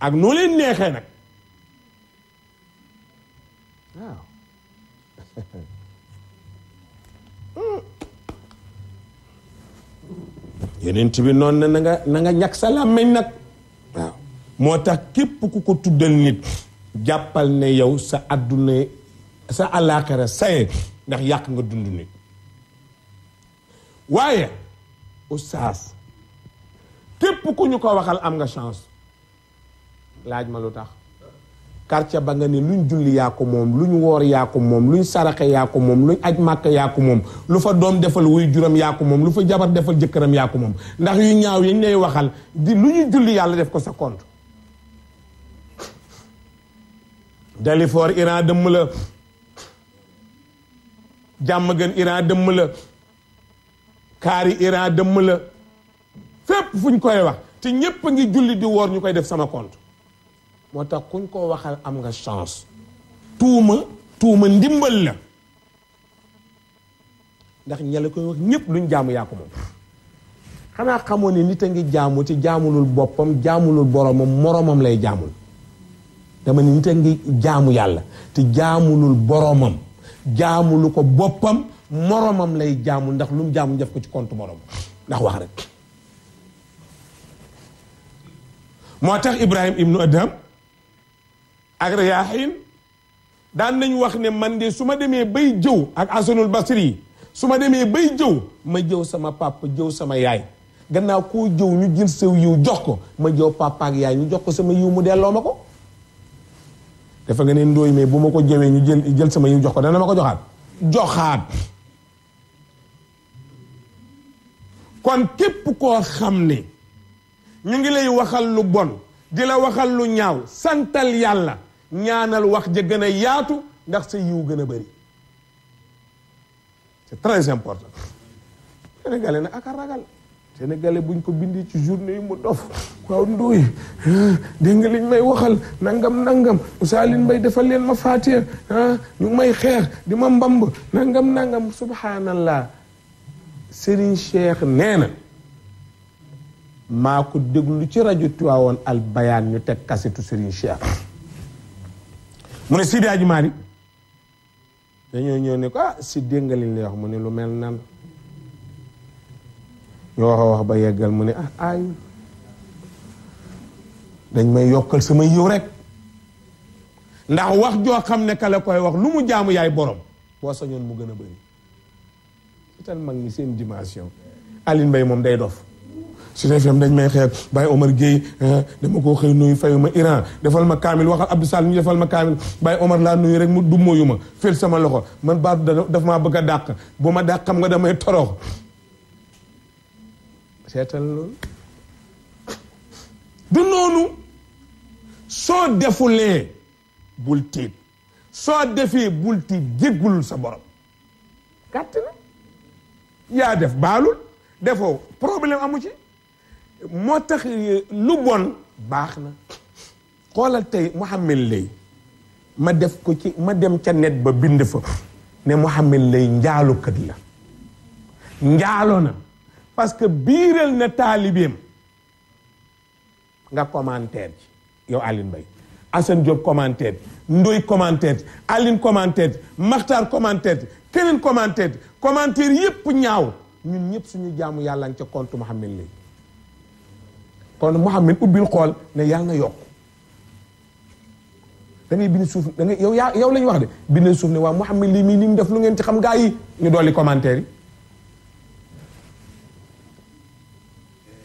ak noo leen neexee nag waaw yeneen bi noonu na na nga ñàkk sa làmmiñ nag waaw moo tax képp ku ko tuddal nit jàppal ne yow sa àdduna sa alaaxira saye ndax yàq nga dund nit waaye oustaz képp ku ñu ko waxal am nga chance laaj ma lu tax quartier ba nga ni luñ julli yaa ko moom luñ woor yaa moom luñ saraxe yaa ko moom luñ aj màkk yaa ko moom lu fa doom defal wuy juróom yaa moom lu fa jabar defal jëkkëram yaa moom ndax yu ñaaw yañ lay waxal di lu ñu julli yàlla def ko sa compte Dalifort Iran dëmm la jàmm gën Iran dëmm la kaari Iran dëmm la fépp fu ñu koy wax te ñépp a ngi julli di woor ñu koy def sama compte moo tax kuñ koo waxal am nga chance tuuma tuuma ndimbal la ndax ñale la koy wax ñëpp luñ jaamu yaa ko moom xanaa xamoon ne nit a ngi jaamu ci jaamulul boppam jaamulul boromam moromam lay jaamul dama ne nit ngi jaamu yàlla te jaamulul boromam jaamulu ko boppam moromam lay jaamul ndax lu mu def ko ci compte morom ndax wax rek moo tax Ibrahim ibnu Adham ak riyaaxin daan nañ wax ne man de su ma demee bay jëw ak asanul basri su ma demee bay jëw ma jëw sama papa jëw sama yaay gannaaw koo jëw ñu jël saw jox ko ma jëw papa yaay ñu jox ko sama yiw mu delloo ma ko dafa nga ne ndóoy mais bu ma ko jëwee ñu jël jël sama yiw jox ko dana ma ko joxaat joxaat kon képp koo xam ne ñu ngi lay waxal lu bon di la waxal lu ñaaw santal yàlla ñaanal wax ja gën a yaatu ndax sa yiw gën a bari c'est très important sénégalais na aka ragal sénégalais buñ ko bindee ci journée yi mu dof waaw ndooy dégg nga liñ may waxal nangam nangam usaalin bay defal leen ma faatiya ah, ñu may xeer di ma mbamb nangam nangam subhanallah Serigne Cheikh nee na maa ko déglu ci rajo Tiwaawoon Al Bayaan ñu teg kasetu Serigne Cheikh mu ne Sidi Hadji dañoo ñëw ni ko ah si dégg liñ wax mu ne lu mel nan ñu wax wax ba yeggal mu ne ah aayul dañ may yokkal sama yiw rek ndax wax joo xam ne kale koy wax lu mu jaamu yaay boroom boo sañoon mu gën a bëri c'est tellement mag ñi seen dimension Aline Mbaye moom day dof Sud FM dañ may xeer Baye Omar Gueye ah, dama koo xëy nuyu fayu ma Iran defal ma kaamil wax Abdou Sall ñu defal ma kaamil Baye Omar laa nuyu rek mu du mooyu ma féel sama loxo man baatu daf maa bëgg a dàq boo ma dàq xam nga damay torox seetal loolu du noonu soo defulee bul tiit soo defee bul tiit jéggulul sa borom gàtt na yaa def baalul defoo problème amu ci moo tax lu bon baax na xoolal tey Mouhamed Lay ma def ko ci ma dem ca net ba bind fa ne Mouhamed Lay njaalukat la njaalo na parce que biiral na taalibeem nga commentaire ci yow Aline Mbaye Assane Diop commentaire Ndoy commentaire Aline commentaire Makhtar commentaire keneen commentaire commentaire yépp ñaaw ñun ñëpp suñu jaamu yàlla nga ca compte Mouhamed Lay kon muhammad ubbil xool ne yal na yok da ngay bind suuf da yow yow lañ wax de bind suuf ne waa muhammad li mi nim def lu ngeen ci xam gaa yi ñu dolli commentaire yi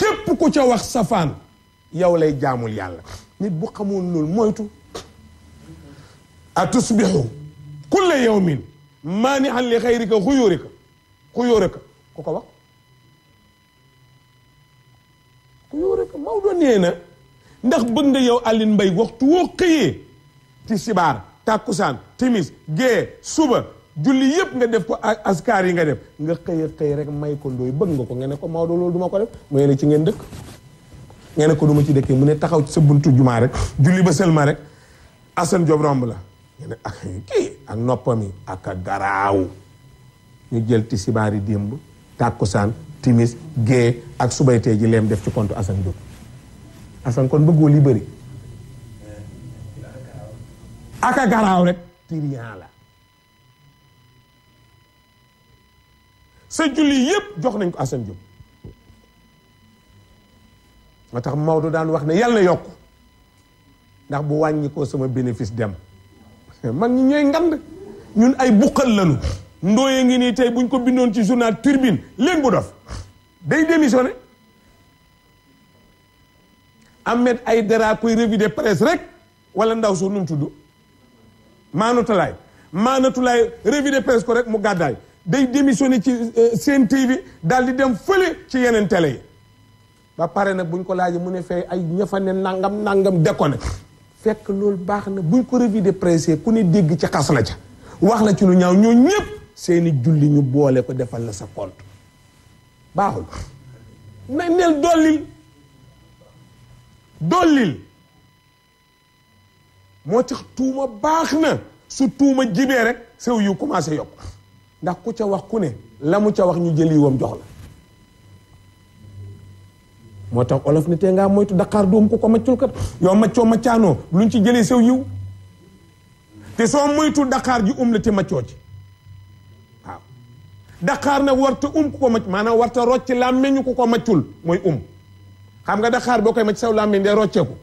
képp ku ca wax safaan yow lay jaamul yàlla nit bu xamul lool moytu atusbihu kulla yawmin manihan li xayrika xuyóorika xuyóorika ku ko wax Maodo nee na ndax bëgg nga yow Alioune mbay waxtu woo xëyee ci sibaar tàkkusaan timis gée suba julli yëpp nga def ko askar yi nga def nga xëy a rek may ko ndooy bëgg nga ko nga ne ko Maodo loolu duma ko def mu ne ci ngeen dëkk nga ne ko duma ci dëkkee mu ne taxaw ci sa buntu jumaa rek julli ba sëlma rek Assane Diop romb la nga ne ak ah, kii ak noppam yi ak a garaaw ñu jël ci sibaar yi démb tàkkusaan timis gée ak subaytee ji leem def ci compte Assane Diop asan kon bëggoo li bëri aka garaaw rek trian la sa julli yépp jox nañ ko asan Diop moo tax Maodo daan wax ne yàlla yokk ndax bu wàññi ko sama bénéfice dem mag ñi ñooy ngand ñun ay buqal lanu ndooye ngi nii tey buñ ko bindoon ci journal turbine léegi bu dof day démissionné Ahmed Aïdara kuy revue de presse rek wala ndaw soo nu mu tudd maanatulaay maanatulaay revue de presse ko rek mu gàddaay day démissionné ci euh, seen TV daal di dem fële ci yeneen télé yi ba pare nag buñ ko laajee mu ne fee ay ne nangam nangam dekkoon fekk loolu baax na buñ ko revue de presse ku ne dégg ci xas la ca wax la ci lu ñaaw ñoo ñëpp seeni julli ñu boole ko defal la sa compte baaxul nel dollil dollil moo tax tuuma baax na su tuuma jibee rek sew yu commencé yokk ndax ku ca wax ku ne la mu ca wax ñu jëli wam jox moo tax olof ne tee ngaa moytu daqaar doom ku ko maccul kat yow maccoo maccaanoo luñ ci jëlee sew yiw te soo moytu daqaar ji um la te maccoo ci waaw daqaar nag warta um ku ko macc maanaam warta rocc làmmeñu ku ko maccul mooy um xam nga daqaar boo koy macc saw làmmiñ de rocceeku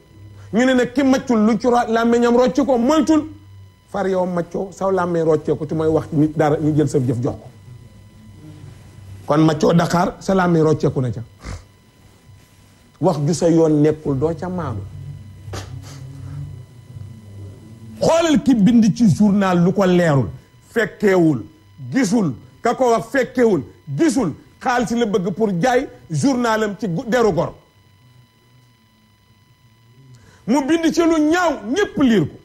ñu ne nag ki maccul lu ci làmmiñam rocce ko moytul far yow maccoo saw làmmiñ rocceeku ci mooy wax nit dara ñu jël sa jëf jox kon maccoo daxaar sa na ca wax ju sa yoon nekkul doo ca maanu xoolal ki bind ci journal lu ko leerul fekkeewul gisul ka ko wax fekkeewul gisul xaalis la bëgg pour jaay journalam ci deru gor mu bind ci lu ñaaw ñépp liir ko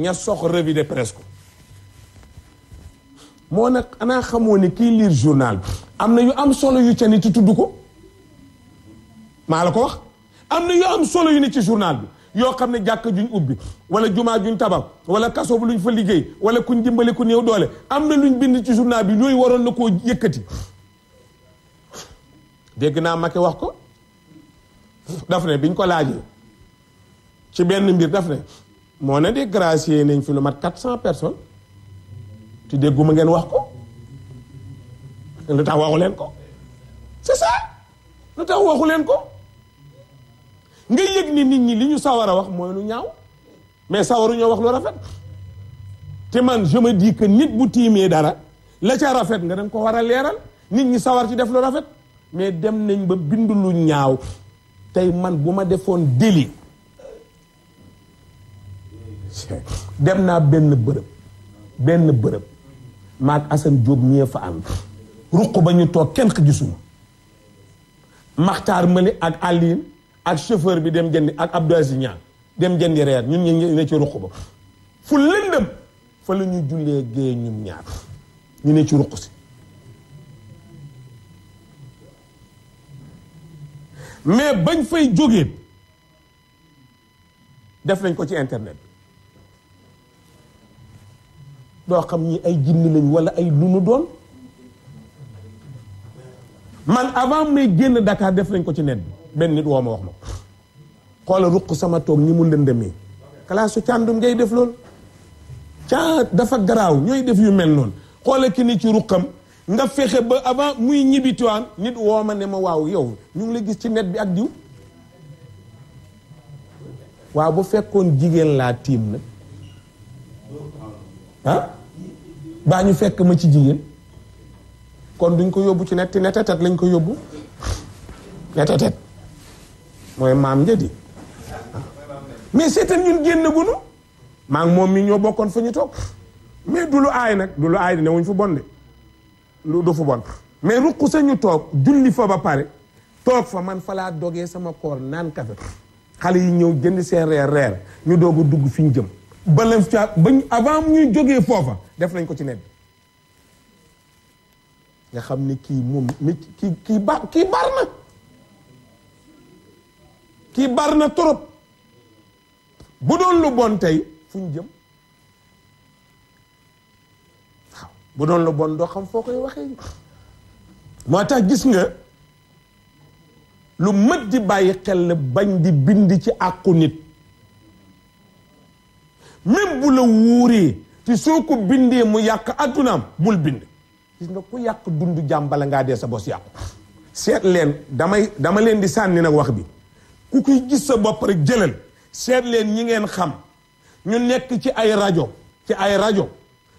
ña sox revue de presse ko moo nag anaa xamoo ne kii liir journal bi am na yu am solo yu ca ci tudd ko maa la ko wax am na am solo yu ne ci journal bi yoo xam ne jàkk juñ ubbi wala jumaa juñ tabax wala kaso bu luñ fa liggéey wala kuñ dimbali ku néew doole am na luñ bind ci journal bi yooyu waroon na koo yëkkati dégg naa Macky wax ko daf ne biñ ko laajee ci benn mbir daf ne moo ne dégracier nañ fi lu mat quatre cent personnes te dégguma ngeen wax ko lu tax waxu leen ko c'est ça lu tax waxu leen ko nga yëg ni nit ñi li ñu sawar a wax mooy lu ñaaw mais sawaruñoo wax lu rafet te man je me nit bu tiimee dara la ca rafet nga dem ko war a leeral nit ñi sawar ci def lu rafet mais dem nañ ba bind lu ñaaw tey man bu ma defoon délit dem naa benn bërëb benn bërëb maag Assane Diop ñee fa ànd ruq ba ñu toog kenn gisuma maxtaar mëli ak Aline ak chauffeur bi dem jëndi ak Abdou Aziz dem jëndi reer ñun ñu ne ci ruq ba fu lëndëm fa la ñu jullee géey ñun ñaar ñu ne ci ruq si mais bañ fay jógee def nañ ko ci internet doo xam ñi ay jinni lañ wala ay lu nu doon man avant may génn dakaar def nañ ko ci net bi benn nit woo ma wax ma xoola ruq sama toog ñi mu lëndëmee kalaasu càndum ngay def lool ca dafa garaaw ñooy def yu mel noonu xoola ki ni ci ruqam nga fexe ba avant muy ñibbi Tiwaawan nit woo ma ne ma waaw yow ñu ngi la gis ci net bi ak diw waaw bu fekkoon jigéen laa tiim nag ah baa ñu fekk ma ci jigéen kon duñ ko yóbbu ci netti netetet lañ ko yóbbu netetet mooy maam njëdi mais seetal ñun génn gunu maa ngi moom mi ñoo bokkoon fa ñu toog mais du lu aay nag du lu aay ne wuñ fu bonde lu du fu bon mais ruq sa ñu toog julli fa ba pare toog fa man fa laa dogee sama koor naan kafe xale yi ñëw jënd seen reer reer ñu doog a dugg fi ñu jëm ba leen ca bañ avant ñuy jógee foofa def nañ ko ci net nga xam ni kii moom mi kii kii ba kii bar na kii bar na trop bu doon lu bon tey fu ñu jëm bu doon la bon doo xam foo koy waxee moo tax gis nga lu mat di bàyyi xel la bañ di bind ci àqu nit même bu la wuuree ci soo ko bindee mu yàq addunaam bul bind gis nga ku yàq dundu jàmbala ngaa dee sa bos yàqu seet leen damay dama leen di sànni nag wax bi ku koy gis sa bopp rek jëlal seet leen ñi ngeen xam ñu nekk ci ay rajo ci ay rajo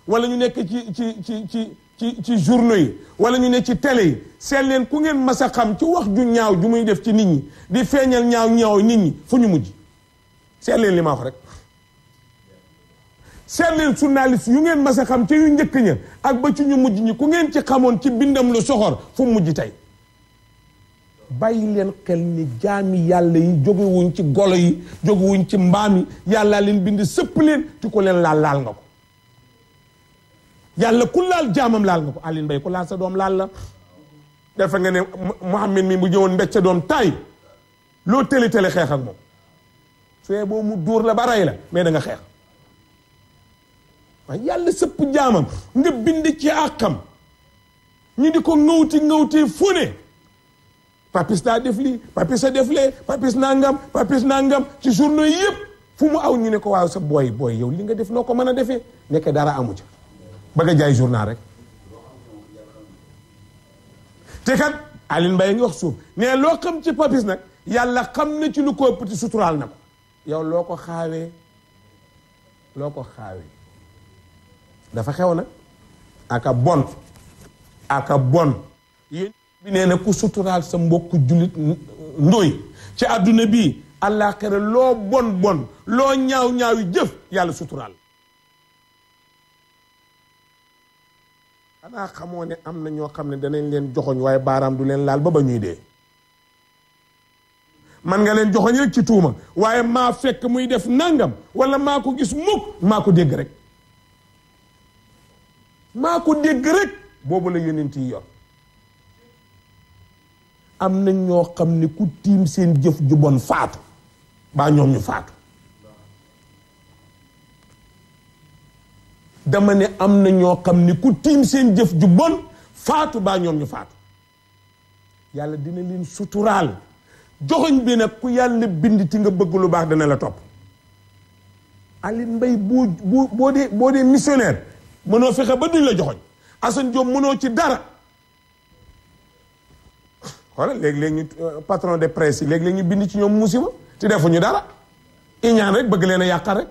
wala ñu nekk ci ci ci ci ci ci journaux wala ñu ne ci tele yi seen leen ku ngeen mas a xam ci wax ju ñaaw ju muy def ci nit ñi di feeñal ñaaw ñaaw nit ñi fu ñu mujj seet leen li ma wax rek seet leen journaliste yu ngeen mas a xam ci yu njëkk ña ak ba ci ñu mujj ñi ku ngeen ci xamoon ci bindam lu soxor fu mujj tey bàyyi leen xel ni jaami yàlla yi jógewuñ ci golo yi jógewuñ ci mbaam yi yàllaa leen bind sëpp leen ti ko leen laal laal nga ko yàlla ku laal jaamam laal nga ko Alioune Mbaye ku laal sa doom laal la defe nga ne Mouhamed mi mu ñëwoon mbécc sa doom tay loo tële tële xeex ak moom suyee boobu la ba la mais da xeex waaye yàlla sëpp jaamam bind ci àqam ñu di ko ŋawti ŋawtee fone papis daa def lii papis a def lee papis nangam papis nangam ci journaux yëpp fu mu aw ñu ne ko waaw sa booy booy yow li nga def noo ko mën a defee nekke dara amu ca ba a jaay journal rek te kat Aline Mbaye ngi wax suuf ne loo xam ci papis nag yàlla xam na ci lu ko ëpp suturaal na ko yow loo ko xaawee loo ko xaawee dafa xew nag aka bon aka bon yéen bi nee na ku suturaal sa mbokk jullit ndóoy ci àdduna bii àllaaxira loo bon bon loo ñaaw ñaawi jëf yàlla suturaal xanaa xamoo ne am na ñoo xam ne danañ leen joxoñ waaye baaraam du leen laal ba ba ñuy dee man nga leen joxoñ rek ci tuuma waaye maa fekk muy def nangam wala maa ko gis mukk maa ko dégg rek maa ko dégg rek boobu la yonent yi yor am na ñoo xam ne ku tiim seen jëf juboon bon faatu baa ñoom ñu faatu dama ne am na ñoo xam ni ku tiim seen jëf ju bon faatu baa ñoom ñu faatu yàlla dina leen suturaal joxoñ bi nag ku yàlla bind ci nga bëgg lu baax dana la topp Aline Mbaye boo boo boo dee boo dee missionnaire mënoo fexe ba duñ la joxoñ Assane Diop mënoo ci dara xoolal léeg-léeg ñu euh, patron de presse yi léegi léeg ñu bind ci ñoom musiba te defuñu dara iñaan rek bëgg leen a yàqal rek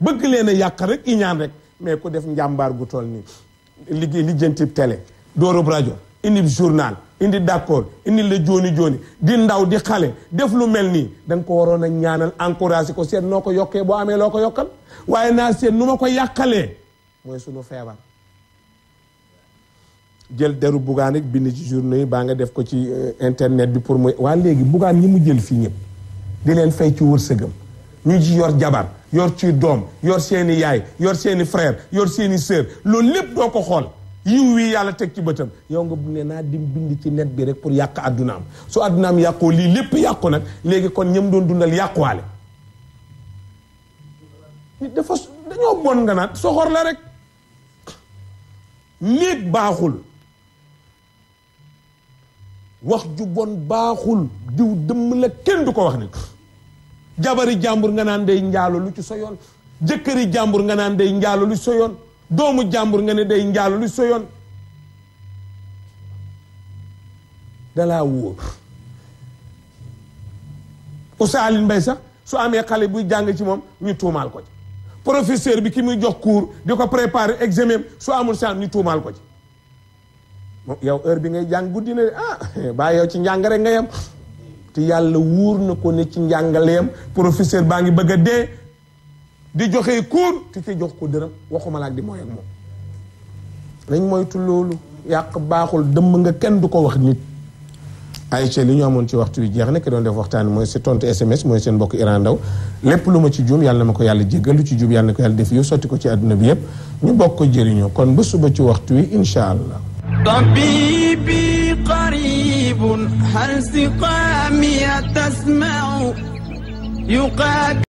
bëgg leen a yàq rek iñaan rek mais ku def njàmbaar gu toll nii liggéey lijjanti télé doorub rajo indi journal indi d'accord indi la jooni jooni di ndaw di xale def lu mel nii da ko waroon a ñaanal encouragé ko seet noo ko yokkee boo amee loo ko yokkal waaye naa seet nu ma ko yàqalee mooy sunu feebar jël deru bugaan rek bind ci journée yi baa nga def ko ci euh, internet bi pour mooy waa léegi bugaan ñi mu jël fii ñëpp di leen fay ci wërsëgam ñu ci yor jabar yor ci doom yor seeni yaay yor seeni frère yor seeni sœur loolu lépp doo ko xool yiw wii yàlla teg ci bëtam yow nga bu ne naa di bind ci net bi rek pour yàq addunaam su addunaam yàqoo lii lépp yàqu nag léegi kon ñam doon dundal yàquwaale dafa dañoo bon nga naan soxor la rek léeg baaxul wax ju bon baaxul diw dëmm la kenn du ko wax nit jabari jàmbur nga naan day njaalo lu ci sa yoon jëkkëri jàmbur nga naan day njaalo sa yoon doomu jàmbur nga ne day njaalo lu sa yoon dalaa wóor Oustaz Alioune sax su amee xale buy jàng ci moom ñu tuumaal ko ci professeur bi ki muy jox cours di ko préparer examen su amul chance ñu tuumaal ko ci moom yow heure bi ngay jàng guddi na de ah baa yow ci njàng rek nga yem yàlla wuur na ko ne ci njàngaleem professeur baa ngi bëgg a dee di joxe cours te te jox ko dërëm waxuma laak di mooy ak moom nañ moytu loolu yàq baaxul dëmm nga kenn du ko wax nit Aïcha li ñu amoon ci waxtu bi jeex na ki doon def waxtaan mooy si tontu SMS mooy seen mbokk Iran Ndaw lépp lu ma ci juum yàlla ma ko yàlla jéggal lu ci juum yàlla na ko yàlla def yow sotti ko ci àdduna bi yépp ñu bokk ko jëriñoo kon ba suba ci waxtu wi incha allah غريب هل سقامي تسمع يقاتل